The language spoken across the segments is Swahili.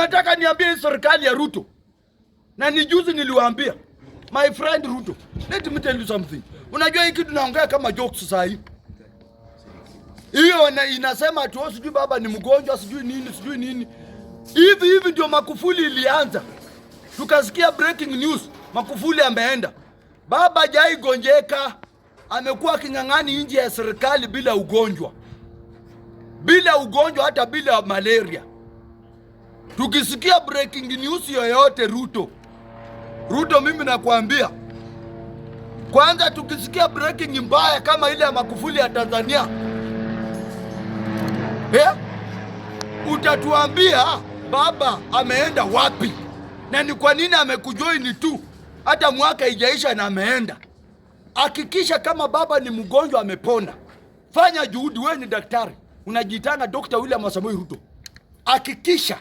nataka niambie serikali ya Ruto, na ni juzi niliwaambia my friend Ruto, let me tell you something. Unajua hiki tunaongea kama jokes saa hii hiyo inasema ati sijui baba ni mgonjwa sijui nini sijui nini hivi hivi. Ndio Makufuli ilianza, tukasikia breaking news Makufuli ameenda. Baba jai gonjeka, amekuwa aking'ang'ani nje ya serikali bila ugonjwa, bila ugonjwa, hata bila malaria. Tukisikia breaking news yoyote Ruto, Ruto, mimi nakwambia kwanza, tukisikia breaking mbaya kama ile ya Magufuli ya Tanzania eh, utatuambia baba ameenda wapi na ni kwa nini amekujoini tu, hata mwaka ijaisha na ameenda. Hakikisha kama baba ni mgonjwa amepona, fanya juhudi. Wewe ni daktari, unajitana Dr. William Samoei Ruto, hakikisha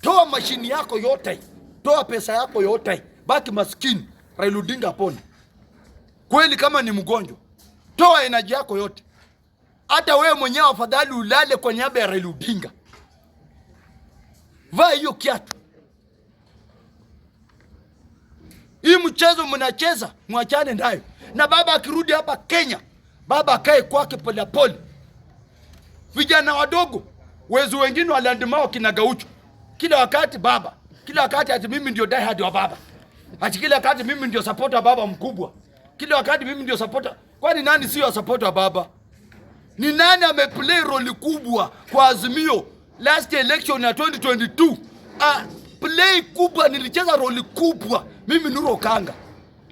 Toa mashini yako yote, toa pesa yako yote, baki maskini. Raila Odinga apone kweli. Kama ni mgonjwa, toa enaji yako yote, hata wewe mwenyewe afadhali ulale kwa niaba ya Raila Odinga. Vaa hiyo kiatu. Hii mchezo mnacheza, mwachane nayo. Na baba akirudi hapa Kenya, baba akae kwake polepole. Vijana wadogo wezi wengine waliandimao kina Gaucho kila wakati baba, kila wakati ati mimi ndio die hard wa baba, ati kila wakati mimi ndio support wa baba mkubwa, kila wakati mimi ndio support. Kwani nani sio support wa baba? Ni nani ameplay role kubwa kwa Azimio last election ya 2022? A ah, play kubwa, nilicheza role kubwa mimi, Nuru Okanga,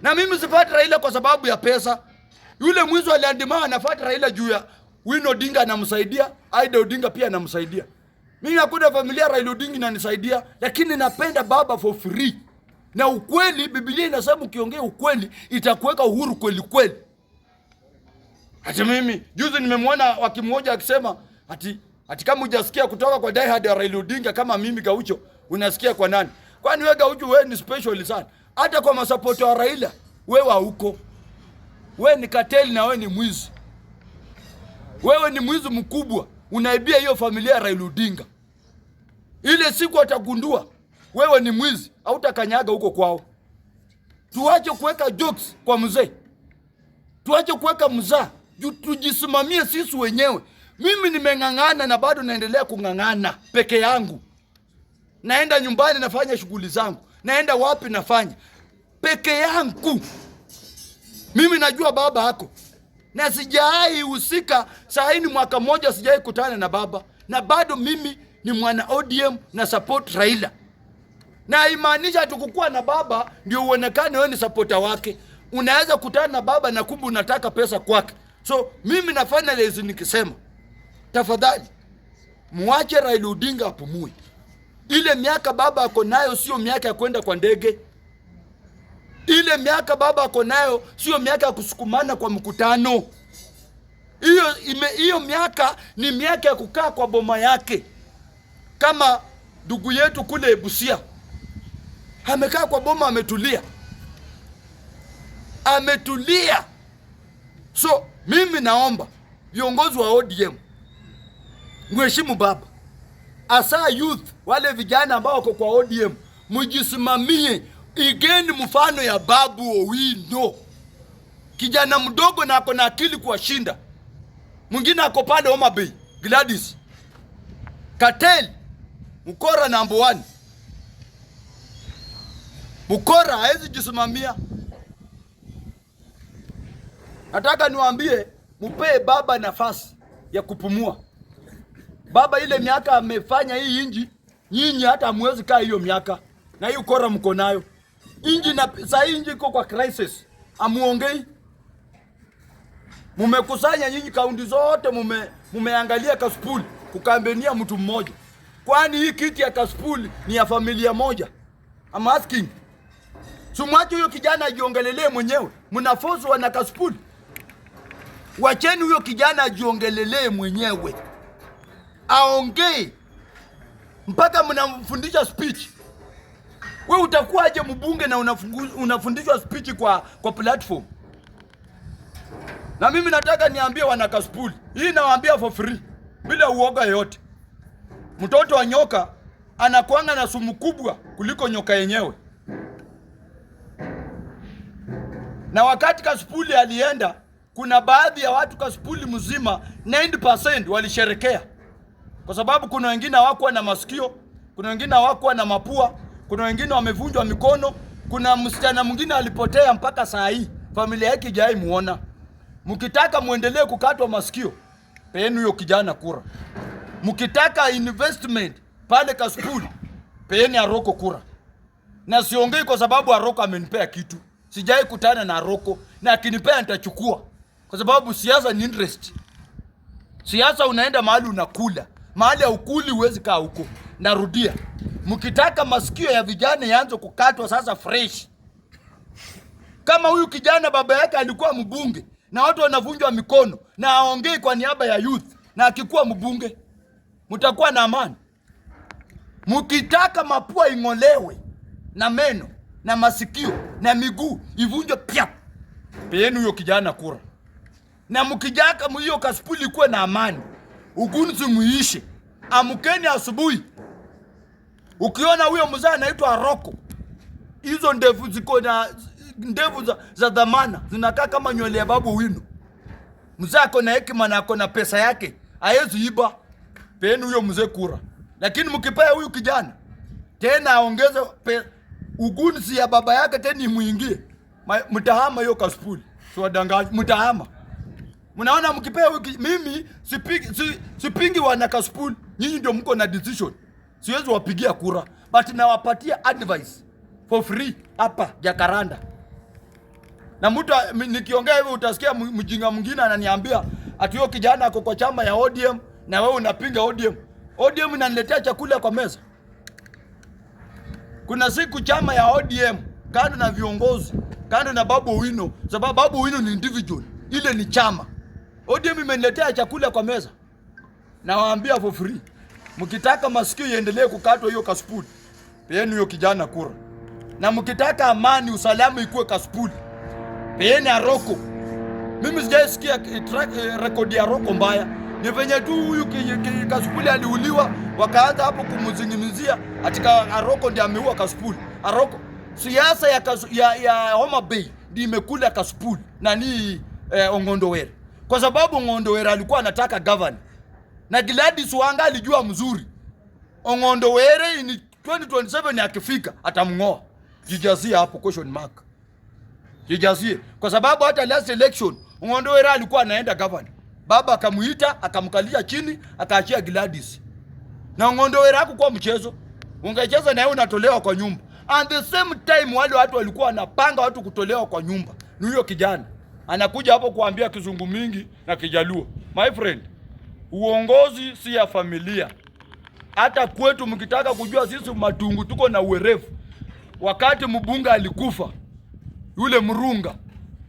na mimi sipati Raila kwa sababu ya pesa. Yule mwizi aliandima anafuata Raila juu ya Wino Odinga anamsaidia, Aida Odinga pia anamsaidia. Mimi nakwenda familia Raila Odinga inanisaidia, lakini napenda baba for free. Na ukweli, Biblia inasema ukiongea ukweli itakuweka uhuru kweli kweli. Hata mimi juzi nimemwona wakimwoja akisema ati ati kama hujasikia kutoka kwa diehard ya Raila Odinga kama mimi Gaucho, unasikia kwa nani? Kwani wewe Gaucho wewe ni special sana. Hata kwa masupport wa Raila wewe hauko. Wewe ni kateli na wewe ni mwizi. Wewe ni mwizi mkubwa unaibia hiyo familia ya Raila Odinga. Ile siku atagundua wewe ni mwizi, hautakanyaga huko kwao. Tuache kuweka jokes kwa mzee, tuache kuweka mzaa, tujisimamie sisi wenyewe. Mimi nimeng'ang'ana na bado naendelea kung'ang'ana peke yangu. Naenda nyumbani nafanya shughuli zangu, naenda wapi nafanya peke yangu. Mimi najua baba yako na sijai husika. Saa hii ni mwaka mmoja sijai kutana na baba, na bado mimi ni mwana ODM na support Raila, na imaanisha tukukua na baba ndio uonekane wewe ni supporter wake. Unaweza kutana na baba na kumbe unataka pesa kwake. So mimi na lezi nikisema, tafadhali muache Raila Odinga apumue. Ile miaka baba ako nayo sio miaka ya kwenda kwa ndege. Ile miaka baba ako nayo sio miaka ya kusukumana kwa mkutano. Hiyo hiyo miaka ni miaka ya kukaa kwa boma yake, kama ndugu yetu kule Busia amekaa kwa boma, ametulia, ametulia. So mimi naomba viongozi wa ODM mheshimu baba, asa youth, wale vijana ambao wako kwa ODM, mjisimamie igeni mfano ya Babu Owino, kijana mdogo na ako na akili kuwashinda. Mwingine ako pale Homa Bay, Gladys Katel mkora namba 1. Mkora hawezi jisimamia. Nataka niwaambie, mupee baba nafasi ya kupumua. Baba ile miaka amefanya hii inji, nyinyi hata hamwezi kaa hiyo miaka, na hiyo ukora mko nayo inji na saa inji iko kwa crisis, amuongei. Mumekusanya nyinyi kaunti zote, mume mumeangalia Kasipul kukambenia mtu mmoja. Kwani hii kiti ya Kasipul ni ya familia moja? I'm asking. Sumwache huyo kijana ajiongelelee mwenyewe, mnafozwa na Kasipul. Wacheni huyo kijana ajiongelelee mwenyewe, aongee mpaka mnamfundisha speech We utakuwaje mbunge na unafundishwa speech kwa, kwa platform? Na mimi nataka niambie wana Kasipul, hii nawaambia for free bila uoga yote. Mtoto wa nyoka anakuanga na sumu kubwa kuliko nyoka yenyewe. Na wakati Kasipul alienda, kuna baadhi ya watu Kasipul mzima 90% walisherekea, kwa sababu kuna wengine hawakuwa na masikio, kuna wengine hawakuwa na mapua kuna wengine wamevunjwa mikono. Kuna msichana mwingine alipotea mpaka saa hii familia yake haijawahi muona. Mkitaka muendelee kukatwa masikio, peeni huyo kijana kura. Mkitaka investment pale Kasipul, peeni Aroko kura. Na siongei kwa sababu Aroko amenipea kitu, sijai kutana na Aroko na akinipea nitachukua, kwa sababu siasa ni interest. Siasa unaenda mahali unakula, mahali ya ukuli huwezi kaa huko. Narudia mkitaka masikio ya vijana yaanze kukatwa sasa fresh. Kama huyu kijana baba yake alikuwa mbunge na watu wanavunjwa mikono na aongei kwa niaba ya youth, na akikuwa mbunge mtakuwa na amani. Mkitaka mapua ing'olewe na meno na masikio na miguu ivunjwe pia, peeni huyo kijana kura, na mkijaka hiyo kaspuli kuwe na amani, ugunzi muishe, amkeni asubuhi Ukiona huyo mzee anaitwa Roko, hizo ndevu ziko na ndevu za, za dhamana zinakaa kama nywele ya babu wino. Mzee ako na hekima na ako na pesa yake, hawezi iba. Peni huyo mzee kura, lakini mkipea huyu kijana tena aongeze ugunzi ya baba yake tena imuingie, mtahama hiyo kasipuli. Siwadanganyi, mtahama. Mnaona, mkipea huyu mimi sipingi, si, sipingi wana kaspuli, Nyinyi ndio mko na decision siwezi wapigia kura, but nawapatia advice for free hapa Jakaranda. Na mtu nikiongea hivi utasikia mjinga mwingine ananiambia ati huyo kijana ako kwa chama ya ODM na wewe unapinga ODM. ODM inaniletea chakula kwa meza. Kuna siku chama ya ODM kando na viongozi, kando na Babu Wino, sababu Babu Wino ni individual, ile ni chama. ODM imeniletea chakula kwa meza, nawaambia for free mkitaka masikio iendelee kukatwa hiyo kasipuli, peeni hiyo kijana kura, na mkitaka amani usalama ikuwe kasipuli, peeni Aroko. Mimi sijaisikia eh, rekodi ya Aroko mbaya, ni venye tu huyu kasipuli aliuliwa, wakaanza hapo kumzingimizia atika Aroko ndiye ameua kasipuli. Aroko siasa ya, ya, ya Homa Bay ndiyo imekula kasipuli nani eh, Ong'ondo Were, kwa sababu Ong'ondo Were alikuwa anataka gavana na Gladys Wanga alijua mzuri Ong'ondo Were ini 2027 akifika atamng'oa. Jijazie hapo question mark. Jijazie kwa sababu hata last election Ong'ondo Were alikuwa anaenda governor. Baba akamuita akamkalia chini akaachia Gladys. Na Ong'ondo Were hakukuwa mchezo. Ungecheza na yeye unatolewa kwa nyumba. At the same time wale watu walikuwa wanapanga watu kutolewa kwa nyumba. Ni huyo kijana. Anakuja hapo kuambia kizungu mingi na kijaluo. My friend, Uongozi si ya familia. Hata kwetu mkitaka kujua sisi Matungu tuko na uwerevu, wakati mbunge alikufa yule Mrunga,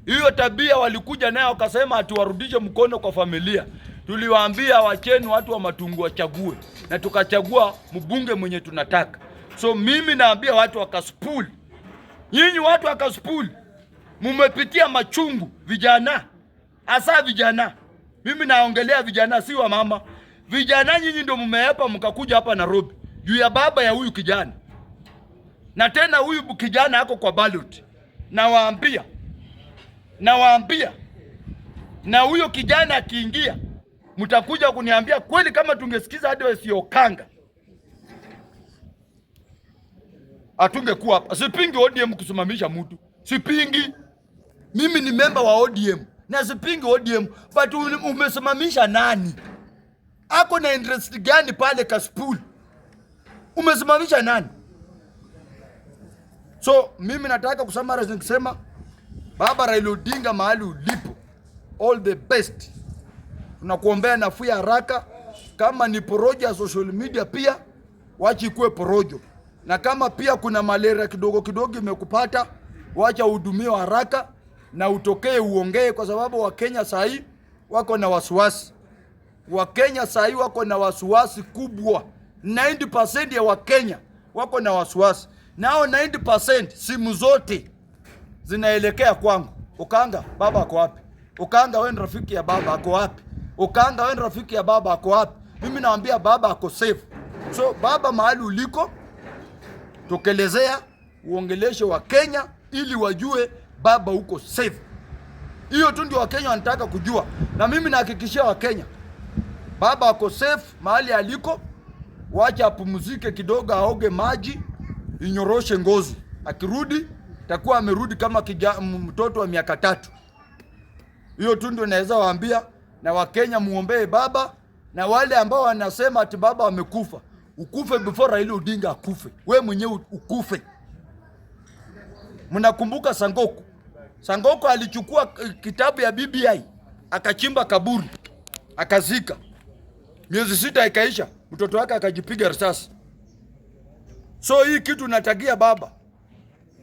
hiyo tabia walikuja naye wakasema atuwarudishe mkono kwa familia. Tuliwaambia wacheni watu wa Matungu wachague, na tukachagua mbunge mwenye tunataka. So mimi naambia watu wakaspuli, nyinyi watu wakaspuli, mumepitia machungu vijana, hasa vijana. Mimi naongelea vijana, si wa mama. Vijana nyinyi ndio mmeepa mkakuja hapa Nairobi juu ya baba ya huyu kijana, na tena huyu kijana ako kwa ballot. Nawaambia, nawaambia, na huyo kijana akiingia, mtakuja kuniambia kweli. Kama tungesikiza hadi ya kanga atungekuwa hapa. Sipingi ODM kusimamisha mtu, sipingi. Mimi ni memba wa ODM nazipingi ODM, but umesimamisha nani? Ako na interest gani pale Kasipul? Umesimamisha nani? So mimi nataka kusummarize nikisema, baba Raila Odinga, mahali ulipo, all the best, tunakuombea nafuu ya haraka. Kama ni porojo ya social media, pia wacha ikuwe porojo, na kama pia kuna malaria kidogo kidogo imekupata, wacha uhudumiwe haraka na utokee uongee, kwa sababu Wakenya sahii wako na wasiwasi. Wakenya sahii wako na wasiwasi kubwa. 90% ya Wakenya wako na wasiwasi, nao 90% simu zote zinaelekea kwangu. Ukanga, baba ako wapi? Ukanga, wewe rafiki ya baba ako wapi? Ukanga, wewe rafiki ya baba ako wapi? Mimi naambia baba ako safe. So baba, mahali uliko tokelezea, uongeleshe kenya ili wajue baba, huko safe. Hiyo tu ndio Wakenya wanataka kujua, na mimi nahakikishia Wakenya baba ako safe mahali aliko. Wacha apumzike kidogo, aoge maji, inyoroshe ngozi. Akirudi takuwa amerudi kama kija, mtoto wa miaka tatu. Hiyo tu ndio naweza waambia, na Wakenya muombee baba, na wale ambao wanasema ati baba amekufa, ukufe before Raila Odinga akufe, we mwenyewe ukufe. Mnakumbuka Sangoku Sangoko alichukua eh, kitabu ya BBI akachimba kaburi akazika, miezi sita ikaisha, mtoto wake akajipiga risasi. So hii kitu natagia baba,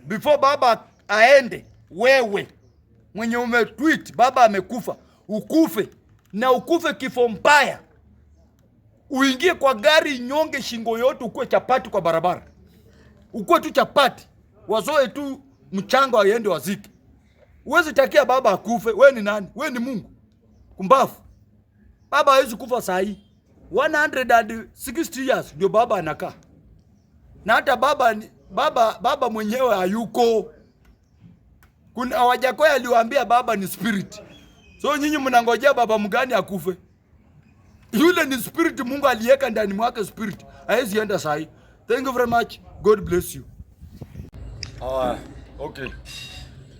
before baba aende, wewe mwenye umetweet baba amekufa, ukufe na ukufe kifo mbaya, uingie kwa gari nyonge, shingo yote, ukuwe chapati kwa barabara, ukuwe tu chapati, wazoe tu mchanga, waende wazike Uwezi takia baba akufe. We ni nani? We ni Mungu kumbafu. Baba hawezi kufa saa hii, 160 years ndio baba anakaa, na hata baba, baba, baba mwenyewe hayuko. Kuna Wajakoya aliwaambia baba ni spirit, so nyinyi mnangojea baba mgani akufe? Yule ni spirit, Mungu aliweka ndani mwake spirit, hawezi enda saa hii. Thank you very much, God bless you. Uh, okay.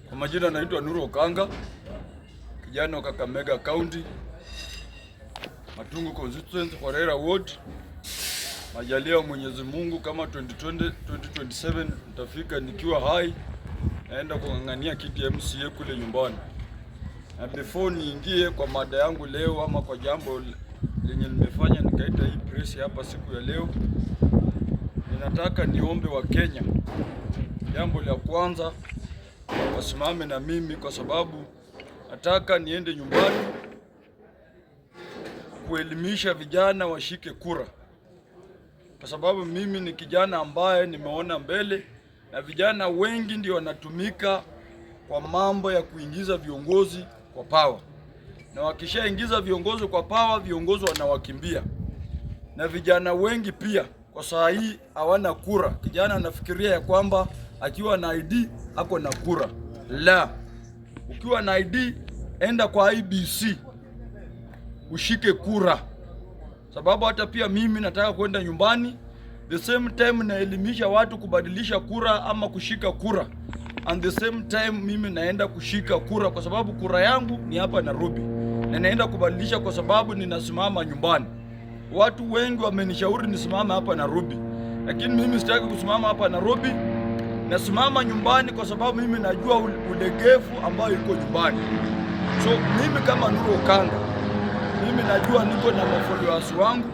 Kwa majina naitwa Nuru Okanga, kijana wa Kakamega County, Matungu constituency, Horera ward. Majalia Mwenyezi Mungu, kama 2020 2027 nitafika nikiwa hai, naenda kung'ang'ania kiti ya MCA kule nyumbani. Na before niingie kwa mada yangu leo ama kwa jambo lenye nimefanya nikaita hii press hapa siku ya leo, ninataka niombe wa Kenya, jambo la kwanza wasimame na mimi, kwa sababu nataka niende nyumbani kuelimisha vijana washike kura, kwa sababu mimi ni kijana ambaye nimeona mbele, na vijana wengi ndio wanatumika kwa mambo ya kuingiza viongozi kwa pawa, na wakishaingiza viongozi kwa pawa, viongozi wanawakimbia, na vijana wengi pia kwa saa hii hawana kura. Kijana anafikiria ya kwamba akiwa na ID ako na kura la. Ukiwa na ID enda kwa IBC ushike kura, sababu hata pia mimi nataka kwenda nyumbani the same time naelimisha watu kubadilisha kura ama kushika kura, and the same time mimi naenda kushika kura kwa sababu kura yangu ni hapa Nairobi, na naenda kubadilisha kwa sababu ninasimama nyumbani. Watu wengi wamenishauri nisimame hapa Nairobi, lakini mimi sitaki kusimama hapa Nairobi nasimama nyumbani kwa sababu mimi najua ulegevu ambayo iko nyumbani. So mimi kama Nuru Okanga, mimi najua niko na mafollowers wangu,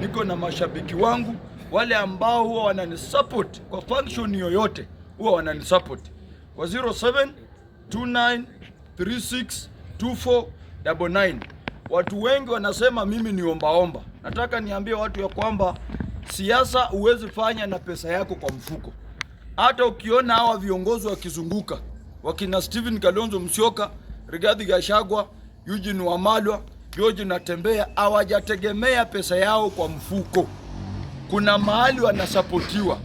niko na mashabiki wangu wale ambao huwa wananisupport kwa function yoyote, huwa wananisupport kwa 0729362499. Watu wengi wanasema mimi ni ombaomba. Nataka niambie watu ya kwamba siasa huwezi fanya na pesa yako kwa mfuko. Hata ukiona hawa viongozi wakizunguka wakina Steven Kalonzo Musyoka, Rigathi Gachagua, Eugene Wamalwa, George Natembea, hawajategemea pesa yao kwa mfuko. Kuna mahali wanasapotiwa.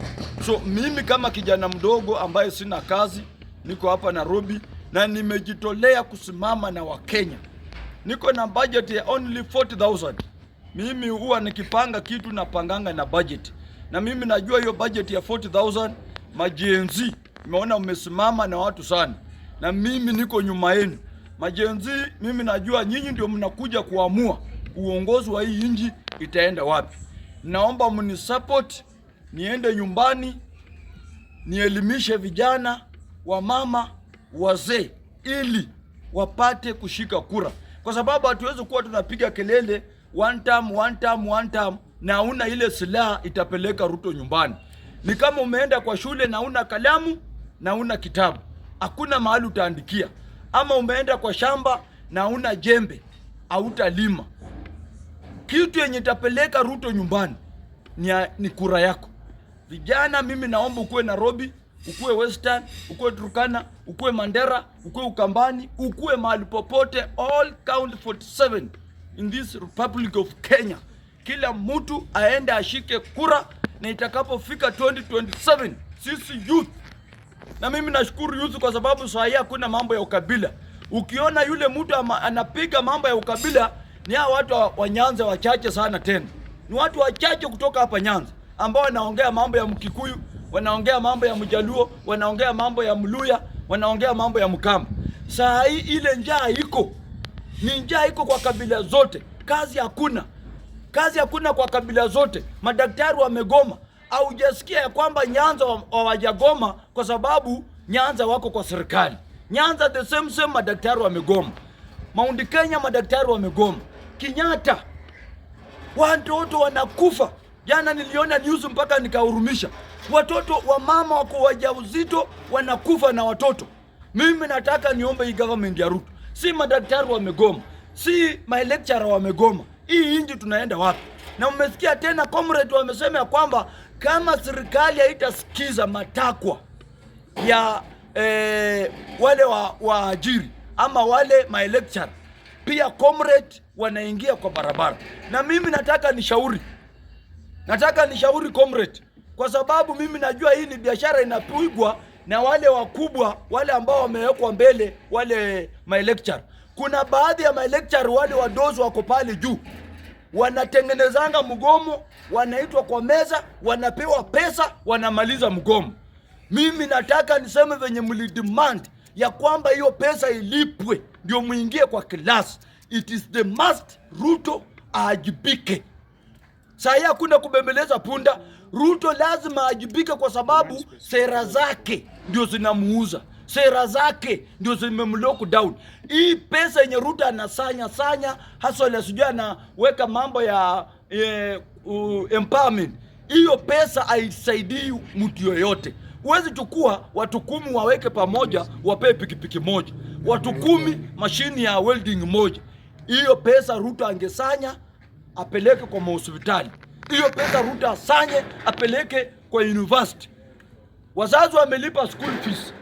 So mimi kama kijana mdogo ambaye sina kazi, niko hapa Nairobi na nimejitolea kusimama na Wakenya. Niko na budget ya only 40000. Mimi huwa nikipanga kitu napanganga na budget, na mimi najua hiyo budget ya 40000 majenzi, nimeona mmesimama na watu sana, na mimi niko nyuma yenu majenzi. Mimi najua nyinyi ndio mnakuja kuamua uongozi wa hii nchi itaenda wapi. Naomba mnisupport, niende nyumbani nielimishe vijana, wamama, wazee ili wapate kushika kura, kwa sababu hatuwezi kuwa tunapiga kelele one time, one time, one time, na una ile silaha itapeleka Ruto nyumbani. Ni kama umeenda kwa shule na una kalamu na una kitabu, hakuna mahali utaandikia, ama umeenda kwa shamba na una jembe, hautalima kitu. Yenye tapeleka Ruto nyumbani ni, ni kura yako. Vijana, mimi naomba ukuwe Nairobi, ukuwe Western, ukuwe Turkana, ukuwe Mandera, ukuwe Ukambani, ukuwe mahali popote, all count 47 in this Republic of Kenya. Kila mtu aende ashike kura na itakapofika 2027 sisi youth, na mimi nashukuru youth kwa sababu saa hii hakuna mambo ya ukabila. Ukiona yule mtu anapiga mambo ya ukabila, ni hao watu wa Nyanza wachache sana, tena ni watu wachache kutoka hapa Nyanza ambao wanaongea mambo ya Mkikuyu, wanaongea mambo ya Mjaluo, wanaongea mambo ya Mluya, wanaongea mambo ya Mkamba. Saa hii ile njaa iko, ni njaa iko kwa kabila zote, kazi hakuna. Kazi hakuna kwa kabila zote, madaktari wamegoma. Haujasikia ya kwamba Nyanza hawajagoma kwa sababu Nyanza wako kwa serikali. Nyanza the same same, madaktari wamegoma. Mount Kenya madaktari wamegoma. Kinyata watoto wanakufa. Jana niliona news mpaka nikahurumisha. Watoto wa mama wako wajawazito wanakufa na watoto. Mimi nataka niombe hii government ya Ruto, si madaktari wamegoma, si my lecturer wamegoma hii inji tunaenda wapi? Na umesikia tena comrade wamesema ya kwamba kama serikali haitasikiza matakwa ya eh, wale wa waajiri ama wale my pia comrade wanaingia kwa barabara. Na mimi nataka nishauri, nataka nishauri comrade, kwa sababu mimi najua hii ni biashara inapigwa na wale wakubwa, wale ambao wamewekwa mbele, wale my kuna baadhi ya malecture wale wadozi wako pale juu wanatengenezanga mgomo, wanaitwa kwa meza, wanapewa pesa, wanamaliza mgomo. Mimi nataka niseme venye demand ya kwamba hiyo pesa ilipwe ndio muingie kwa class. It is the must. Ruto aajibike. sahi hakuna kubembeleza punda. Ruto lazima aajibike kwa sababu sera zake ndio zinamuuza sera zake ndio zimemlock down. Hii pesa yenye Ruto anasanya sanya hasa ile sijui anaweka mambo ya eh, uh, empowerment, hiyo pesa haisaidii mtu yoyote. Huwezi chukua watu kumi waweke pamoja wapee pikipiki moja, watu kumi mashini ya welding moja. Hiyo pesa Ruto angesanya apeleke kwa mahospitali, hiyo pesa Ruto asanye apeleke kwa university. Wazazi wamelipa school fees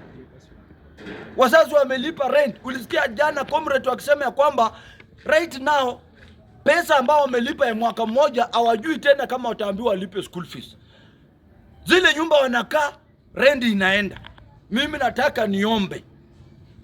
wazazi wamelipa rent. Ulisikia jana comrade wakisema ya kwamba right now pesa ambao wamelipa ya mwaka mmoja hawajui tena kama wataambiwa walipe school fees. Zile nyumba wanakaa rent inaenda. Mimi nataka niombe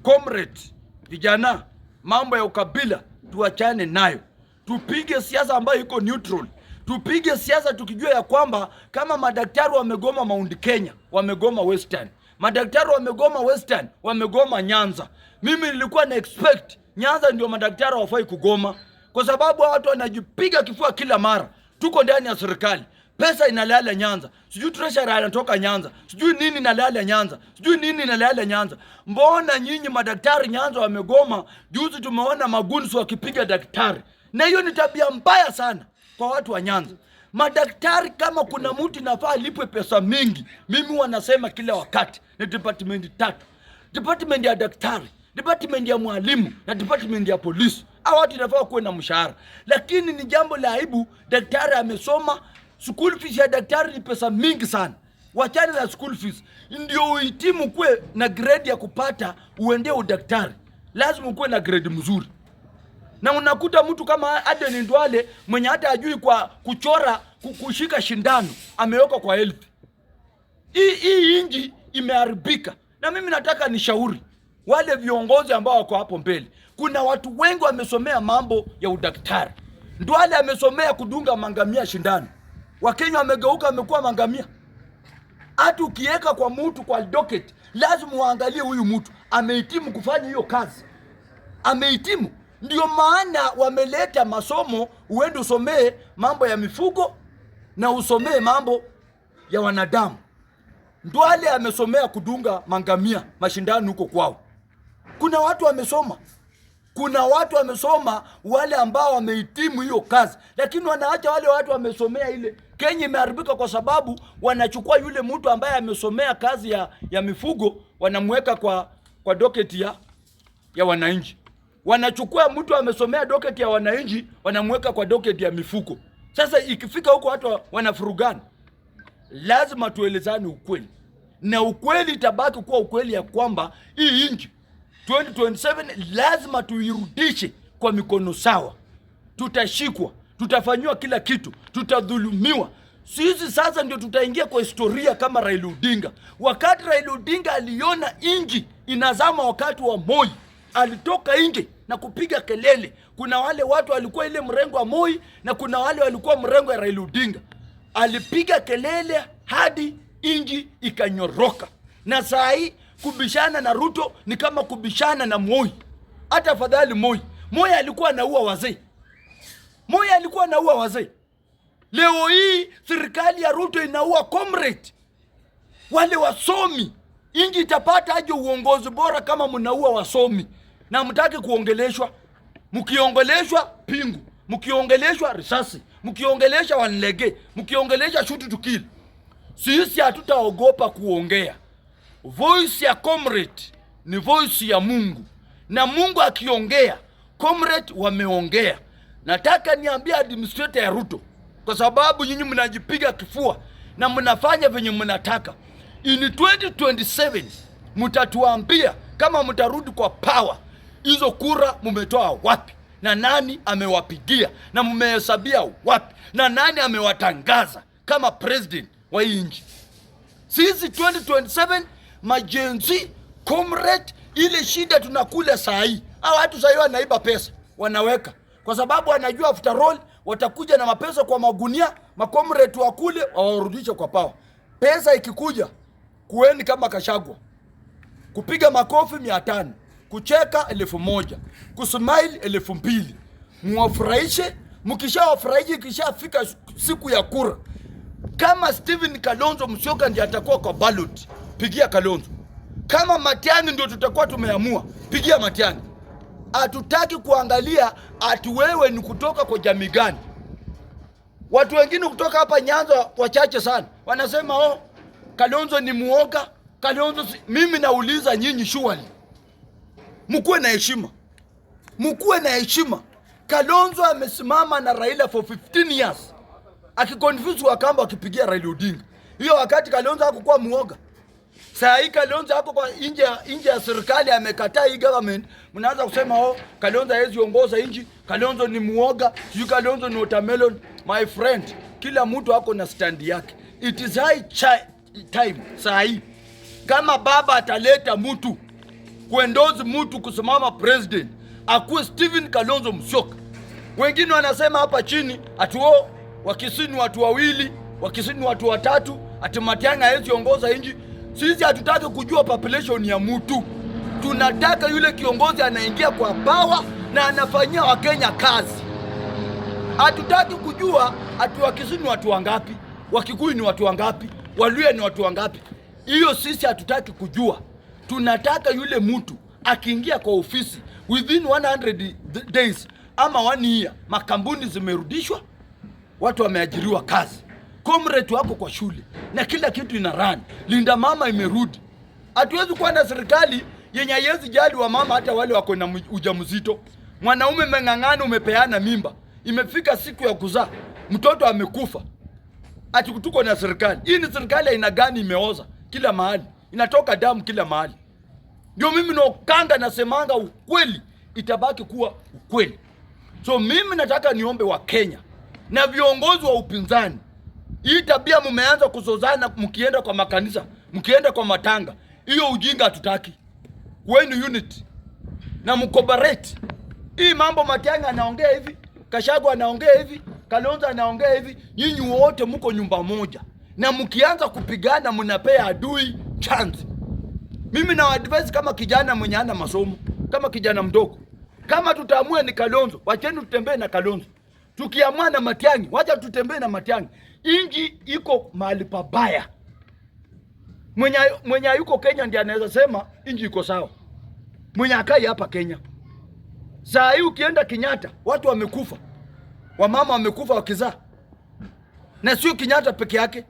comrade, vijana, mambo ya ukabila tuachane nayo, tupige siasa ambayo iko neutral tupige siasa tukijua ya kwamba kama madaktari wamegoma Mount Kenya, wamegoma Western Madaktari wamegoma Western, wamegoma Nyanza. Mimi nilikuwa na expect Nyanza ndio madaktari wafai kugoma, kwa sababu watu wanajipiga kifua kila mara. Tuko ndani ya serikali, pesa inalala Nyanza, sijui treasury anatoka Nyanza, sijui nini inalala Nyanza, sijui nini inalala Nyanza. Mbona nyinyi madaktari Nyanza wamegoma? Juzi tumeona magunsu wakipiga daktari, na hiyo ni tabia mbaya sana kwa watu wa Nyanza. Madaktari kama kuna mtu nafaa alipwe pesa mingi, mimi wanasema kila wakati ni department tatu: department ya daktari, department ya mwalimu na department ya polisi. Hao watu nafaa kuwe na mshahara, lakini ni jambo la aibu. Daktari amesoma, school fees ya daktari ni pesa mingi sana. Wachana na school fees, ndio uhitimu kuwe na grade ya kupata uende udaktari, lazima ukuwe na grade mzuri na unakuta mtu kama Aden Ndwale mwenye hata ajui kwa kuchora kushika shindano amewekwa kwa health. Hii hii inji imeharibika, na mimi nataka nishauri wale viongozi ambao wako hapo mbele. Kuna watu wengi wamesomea mambo ya udaktari. Ndwale amesomea kudunga mangamia shindano. Wakenya wamegeuka, wamekuwa mangamia. Hata ukiweka kwa mtu kwa docket, lazima uangalie huyu mtu amehitimu kufanya hiyo kazi, amehitimu ndio maana wameleta masomo, uende usomee mambo ya mifugo na usomee mambo ya wanadamu. Ndwale amesomea kudunga mangamia mashindano huko kwao. Kuna watu wamesoma, kuna watu wamesoma, wale ambao wamehitimu hiyo kazi, lakini wanaacha wale watu wamesomea. Ile Kenya imeharibika kwa sababu wanachukua yule mtu ambaye amesomea kazi ya, ya mifugo wanamweka kwa, kwa doketi ya, ya wananchi wanachukua mtu amesomea doketi ya wananchi wanamweka kwa doketi ya mifuko. Sasa ikifika huko watu wanafurugana. Lazima tuelezane ukweli, na ukweli itabaki kuwa ukweli ya kwamba hii nchi 2027 lazima tuirudishe kwa mikono sawa. Tutashikwa, tutafanyiwa kila kitu, tutadhulumiwa. Sisi sasa ndio tutaingia kwa historia kama Raila Odinga. Wakati Raila Odinga aliona inji inazama wakati wa Moi, alitoka nje na kupiga kelele. Kuna wale watu walikuwa ile mrengo wa Moi na kuna wale walikuwa mrengo wa Raila Odinga. Alipiga kelele hadi inji ikanyoroka, na saa hii kubishana na Ruto ni kama kubishana na Moi. Hata afadhali Moi. Moi alikuwa anaua wazee, Moi alikuwa anaua wazee. Leo hii serikali ya Ruto inaua comrade, wale wasomi. Inji itapata aje uongozi bora kama mnaua wasomi? na mtaki kuongeleshwa, mkiongeleshwa pingu, mkiongeleshwa risasi, mkiongelesha wanlege, mkiongeleshwa shutu tukili, sisi hatutaogopa kuongea. Voice ya comrade ni voice ya Mungu, na Mungu akiongea, comrade wameongea. Nataka niambie administrator ya Ruto, kwa sababu nyinyi mnajipiga kifua na mnafanya venye mnataka. In 2027 mtatuambia kama mtarudi kwa power hizo kura mumetoa wapi na nani amewapigia na mmehesabia wapi na nani amewatangaza kama president wa hii nchi? Sisi 2027 majenzi comrade, ile shida tunakula saa hii. Hawa watu saa hii wanaiba pesa wanaweka, kwa sababu wanajua after all watakuja na mapesa kwa magunia, makomrade wakule wawarudishe kwa pawa. Pesa ikikuja kueni kama Kashagwa kupiga makofi mia tano kucheka elfu moja kusmile elfu mbili mwafurahishe Mkishawafurahisha, ikishafika siku ya kura, kama Steven Kalonzo Musyoka ndiye atakuwa kwa ballot, pigia Kalonzo. Kama Matiani ndio tutakuwa tumeamua, pigia Matiani. Hatutaki kuangalia ati wewe ni kutoka kwa jamii gani. Watu wengine kutoka hapa Nyanza wachache sana wanasema oh, Kalonzo ni muoga Kalonzo. Mimi nauliza nyinyi, shuali mkuwe na heshima, mkuwe na heshima. Kalonzo amesimama na Raila for 15 years akiconfuse Wakamba akipigia Raila Odinga. Hiyo wakati Kalonzo hakukuwa muoga. Saa hii Kalonzo hako kwa nje nje ya serikali amekataa hii government. Mnaanza kusema oh, Kalonzo hawezi ongoza nchi, Kalonzo ni muoga, sio Kalonzo ni watermelon. My friend, kila mtu hako na stand yake. It is high time saa hii. Kama baba ataleta mtu kuendozi mtu kusimama president akuwe Steven Kalonzo Musyoka. Wengine wanasema hapa chini atuo wakisini watu wawili wakisini watu watatu, ati Matiang'i hawezi ongoza nchi. Sisi hatutaki kujua population ya mtu, tunataka yule kiongozi anaingia kwa power na anafanyia Wakenya kazi. Hatutaki kujua ati wakisini watu wangapi, Wakikuyu ni watu wangapi, Waluya ni watu wangapi. Hiyo sisi hatutaki kujua tunataka yule mtu akiingia kwa ofisi within 100 days ama one year, makampuni zimerudishwa, watu wameajiriwa kazi, comrade wako kwa shule na kila kitu ina run. Linda mama imerudi. Hatuwezi kuwa na serikali yenye haiwezi jali wa mama, hata wale wako na ujamzito. Mwanaume meng'ang'ana, umepeana mimba, imefika siku ya kuzaa, mtoto amekufa, ati tuko na serikali hii? Ni serikali aina gani? Imeoza kila mahali, inatoka damu kila mahali. Ndio mimi naokanga nasemanga ukweli, itabaki kuwa ukweli. So mimi nataka niombe wa Kenya na viongozi wa upinzani, hii tabia mmeanza kuzozana mkienda kwa makanisa, mkienda kwa matanga, hiyo ujinga hatutaki. Kuweni unity na mkobareti. Hii mambo Matiang'i anaongea hivi, Kashago anaongea hivi, Kalonzo anaongea hivi, nyinyi wote mko nyumba moja, na mkianza kupigana mnapea adui chance. Mimi na advise kama kijana mwenye ana masomo, kama kijana mdogo, kama tutaamua ni Kalonzo, wacheni tutembee na Kalonzo. Tukiamua na Matiang'i, wacha tutembee na Matiang'i. Inji iko mahali pabaya. Mwenye mwenye yuko Kenya ndiye anaweza sema inji iko sawa. Mwenye akai hapa Kenya. Saa hii ukienda Kinyata, watu wamekufa. Wamama wamekufa wakizaa. Na sio Kinyata peke yake.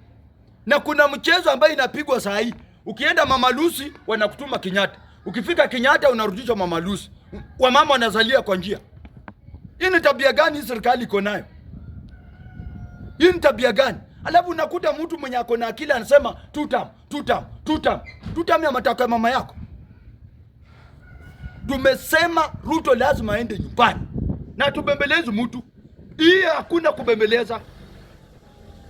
Na kuna mchezo ambayo inapigwa saa hii Ukienda Mama Lucy wanakutuma kinyatta ukifika kinyatta unarudishwa Mama Lucy. Wamama wanazalia kwa njia. Hii ni tabia gani serikali iko nayo? Hii ni tabia gani? Alafu unakuta mtu mwenye ako na akili anasema tutam tutam tutam tutam ya matako ya mama yako. Tumesema Ruto lazima aende nyumbani na tubembelezi mtu. Hii hakuna kubembeleza.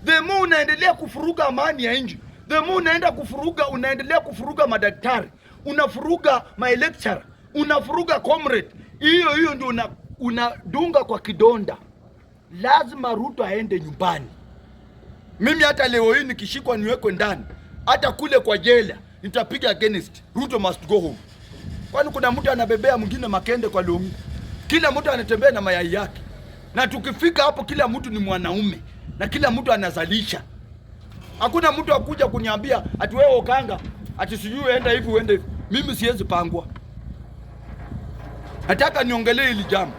Demu unaendelea kufuruga amani ya nchi. Demu unaenda kufuruga, unaendelea kufuruga madaktari, unafuruga my lecturer, unafuruga comrade. Hiyo hiyo ndio una, unadunga kwa kidonda. Lazima Ruto aende nyumbani. Mimi hata leo hii nikishikwa niwekwe ndani, hata kule kwa jela nitapiga against Ruto must go home. Kwani kuna mtu anabebea mwingine makende kwa lomi? Kila mtu anatembea na mayai yake, na tukifika hapo, kila mtu ni mwanaume na kila mtu anazalisha Hakuna mtu akuja kuniambia ati wewe ukanga, ati sijui enda hivi uende hivi. Mimi siwezi pangwa. Nataka niongelee hili jambo.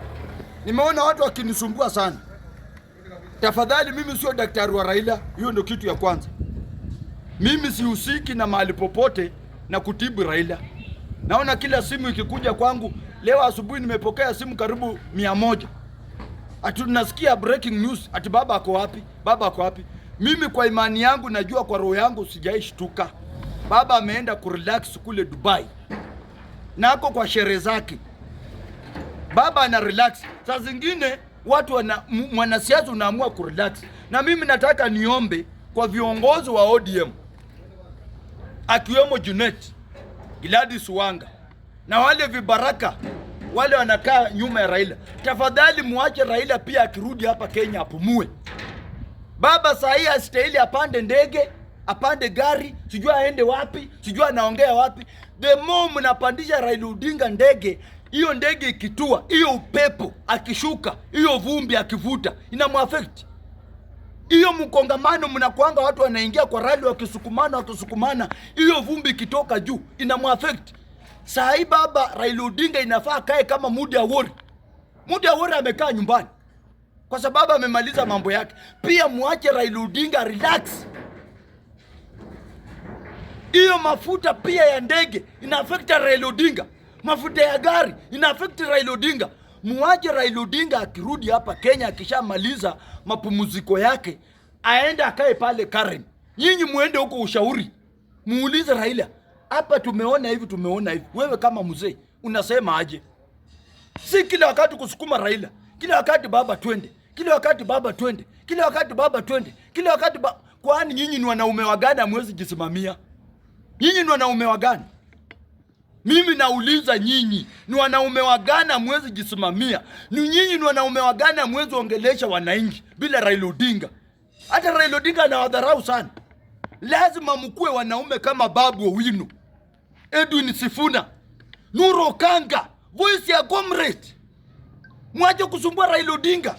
Nimeona watu wakinisumbua sana. Tafadhali, mimi sio daktari wa Raila. Hiyo ndio kitu ya kwanza. Mimi sihusiki na mahali popote na kutibu Raila. Naona kila simu ikikuja kwangu. Leo asubuhi nimepokea simu karibu mia moja. Ati nasikia breaking news, ati baba ako wapi? Baba ako wapi? Mimi kwa imani yangu najua kwa roho yangu sijaishtuka. Baba ameenda kurelax kule Dubai nako kwa sherehe zake, baba ana relax. Saa zingine watu wana mwanasiasa unaamua kurelax, na mimi nataka niombe kwa viongozi wa ODM akiwemo Junet Gladys Wanga na wale vibaraka wale wanakaa nyuma ya Raila, tafadhali muache Raila pia akirudi hapa Kenya apumue. Baba saa hii astahili apande ndege, apande gari, sijui aende wapi, sijui anaongea wapi. The more mnapandisha Raila Odinga ndege, hiyo ndege ikitua, hiyo upepo akishuka, hiyo vumbi akivuta, inamwafekti hiyo mkongamano mnakuanga watu wanaingia kwa rali wakisukumana wakisukumana, hiyo vumbi ikitoka juu inamwafect. Saa hii baba Raila Odinga inafaa kae kama Mudi Awori. Mudi Awori amekaa nyumbani, kwa sababu amemaliza mambo yake. Pia mwache Raila Odinga relax. Hiyo mafuta pia ya ndege ina affect Raila Odinga, mafuta ya gari ina affect Raila Odinga. Muache Raila Odinga akirudi hapa Kenya, akishamaliza mapumziko yake aende akae pale Karen. Nyinyi muende huko ushauri, muulize Raila, hapa tumeona hivi, tumeona hivi, wewe kama mzee unasema aje? Si kila wakati kusukuma Raila. Kila wakati baba twende, kila wakati baba twende, kila wakati baba twende, kila wakati ba... Kwani nyinyi ni wanaume wa gani hamwezi jisimamia? Nyinyi ni wanaume wa gani? Mimi nauliza nyinyi ni wanaume wa gani hamwezi jisimamia? Ni nyinyi ni wanaume wa gani hamwezi ongelesha wananchi bila Raila Odinga? Hata Raila Odinga anawadharau sana. Lazima mkuwe wanaume kama Babu Owino, Edwin Sifuna, Nuru Okanga, voice ya comrade mwaje kusumbua Raila Odinga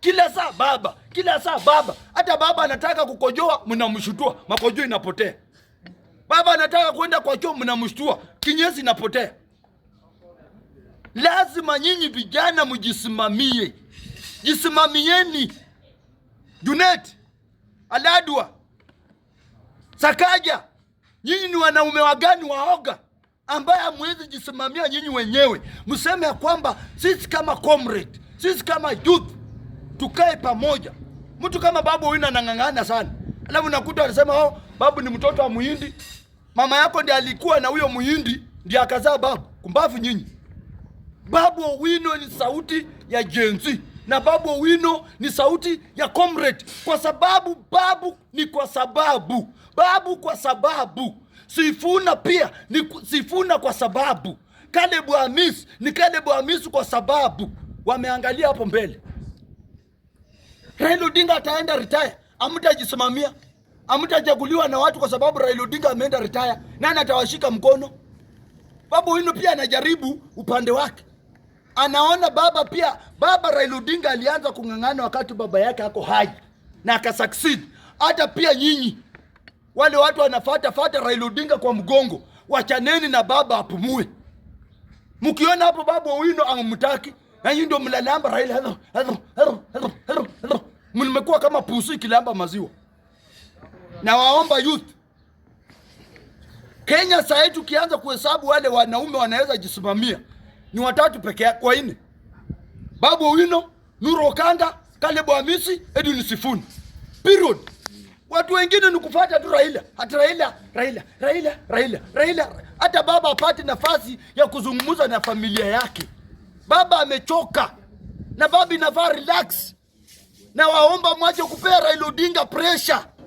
kila saa baba, kila saa baba. Hata baba anataka kukojoa, mnamshutua, makojoa inapotea. Baba anataka kwenda kwa choo, mnamshutua, kinyesi inapotea. Lazima nyinyi vijana mjisimamie, jisimamieni. Junet Aladwa Sakaja, nyinyi ni wanaume wagani waoga? ambaye hamwezi jisimamia nyinyi wenyewe, mseme ya kwamba sisi kama comrade, sisi kama youth tukae pamoja. Mtu kama babu huyu anang'ang'ana sana, alafu nakuta anasema oh, babu ni mtoto wa Muhindi, mama yako ndiye alikuwa na huyo Muhindi ndiye akazaa babu. Kumbavu nyinyi. Babu Owino ni sauti ya Gen Z na babu Owino ni sauti ya comrade, kwa sababu babu ni kwa sababu babu kwa sababu Sifuna pia ni Sifuna kwa sababu Kalebu Hamisi ni Kalebu Hamisi kwa sababu wameangalia hapo mbele. Raila Odinga ataenda retire, amtajisimamia, amtachaguliwa na watu kwa sababu Raila Odinga ameenda retire. Nani atawashika mkono? Babu Owino pia anajaribu upande wake, anaona baba pia. Baba Raila Odinga alianza kung'ang'ana wakati baba yake ako hai na akasucceed. Hata pia nyinyi wale watu wanafata fata Raila Odinga kwa mgongo, wachaneni na baba apumue. Mkiona hapo baba Owino amutaki, na yeye ndio mlalamba Raila, hello hello hello hello hello, hello, mlimekuwa kama pusi ikilamba maziwa. Na waomba youth Kenya saa hii tukianza kuhesabu wale wanaume wanaweza jisimamia ni watatu peke yake kwa nne. Babu Owino, Nuru Okanga, Kalebo Hamisi, Edwin Sifuni. Period. Watu wengine ni kufuata tu Raila, hata Raila, Raila, Raila, Raila, Raila. Hata baba apate nafasi ya kuzungumza na familia yake. Baba amechoka na baba inavaa relax, na waomba mwache kupea Raila Odinga pressure.